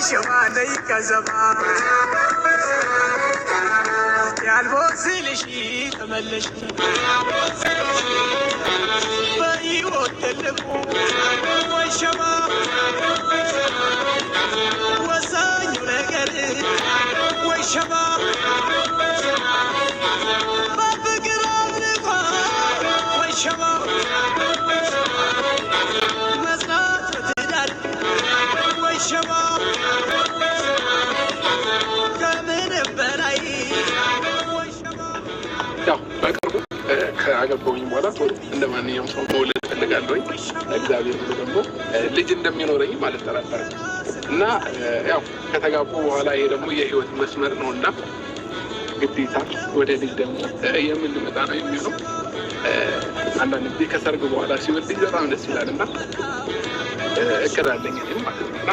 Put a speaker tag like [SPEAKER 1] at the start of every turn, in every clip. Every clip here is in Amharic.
[SPEAKER 1] شماليك زمان يا البوسي لشي تملش باي وتلفو والشباب وسانيو لقرئ والشباب ما بقرا والشباب
[SPEAKER 2] ከወለድኩኝ በኋላ እንደ ማንኛውም ሰው መውለድ ፈልጋለሁኝ። እግዚአብሔር ብሎ ደግሞ ልጅ እንደሚኖረኝ ማለት አልጠራጠርም እና ያው ከተጋቡ በኋላ ይሄ ደግሞ የህይወት መስመር ነው እና ግዴታ ወደ ልጅ ደግሞ የምንመጣ ነው የሚሆነው አንዳንድ ጊዜ ከሰርግ በኋላ ሲወልድኝ በጣም ደስ ይላል እና እቅዳለኝ እኔም ማለት ነው እና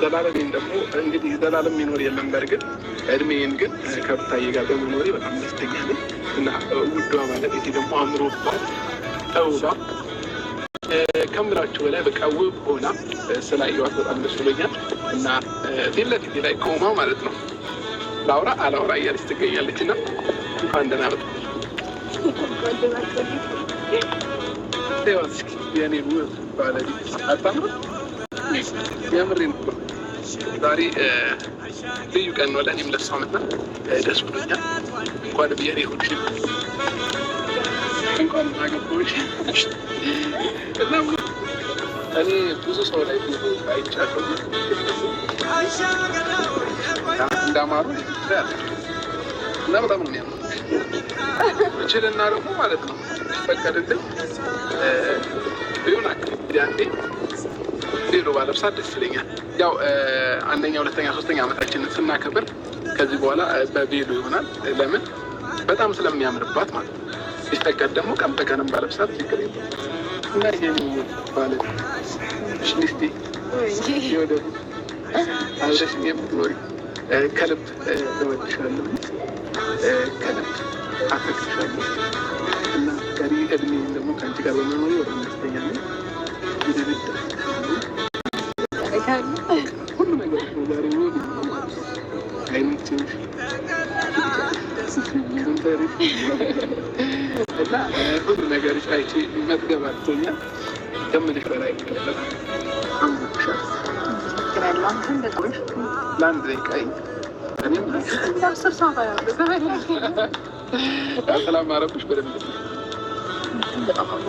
[SPEAKER 2] ዘላለሜን ደግሞ እንግዲህ ዘላለም ሚኖር የለም። በእርግጥ እድሜን ግን ከሩታዬ ጋር በመኖሬ በጣም ደስተኛ ነኝ እና ውዷ ባለቤቴ ደግሞ አምሮባት ተውባ ከምላችሁ በላይ በቃ ውብ ሆና ስላየኋት በጣም ደስ ብሎኛል እና ፊት ለፊቴ ላይ ቆማ ማለት ነው ላውራ አላውራ እያለች ትገኛለች እና እንኳን ደህና እስኪ ዛሬ ልዩ ቀን ነው ለእኔም ደስ ብሎኛል። እንኳን እንኳን እኔ ብዙ ሰው ላይ አይቻለሁ እንዳማሩ እና በጣም ነው የሚያምር ችልና ደግሞ ማለት ነው ቢፈቀድልኝ ቢሆን አንዴ ሌሎ ባለብሳ ደስ ይለኛል። ያው አንደኛ፣ ሁለተኛ፣ ሶስተኛ ዓመታችንን ስናከብር ከዚህ በኋላ በቬሎ ይሆናል። ለምን በጣም ስለሚያምርባት ማለት ነው። ሲፈቀድ ደግሞ ቀን በቀንም ባለብሳት ችግር የለም እና ይሄን ሽሊስቲ ከልብ እወድሻለሁ፣ ከልብ አፈቅርሻለሁ። እድሜ ደግሞ ከአንቺ ጋር በመኖር ሁሉ ነገር እና ሁሉ ነገር አይቼ መጥገብ አጥቶኛል። ከምልሽ በላይ ለአንድ ደቂቃ ሰላም ማረኩሽ በደንብ ፊልም በጣም አምሮ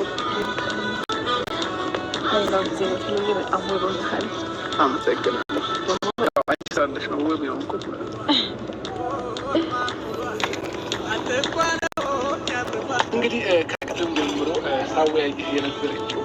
[SPEAKER 3] ሌላ ጊዜ ፊልም በጣም ሆኖታል።
[SPEAKER 2] አመሰግናለሁ። አንቺ ሳለሽ ነው ውብ የሆንኩት። እንግዲህ ከቅድም ጀምሮ ሳወያይ የነበረችው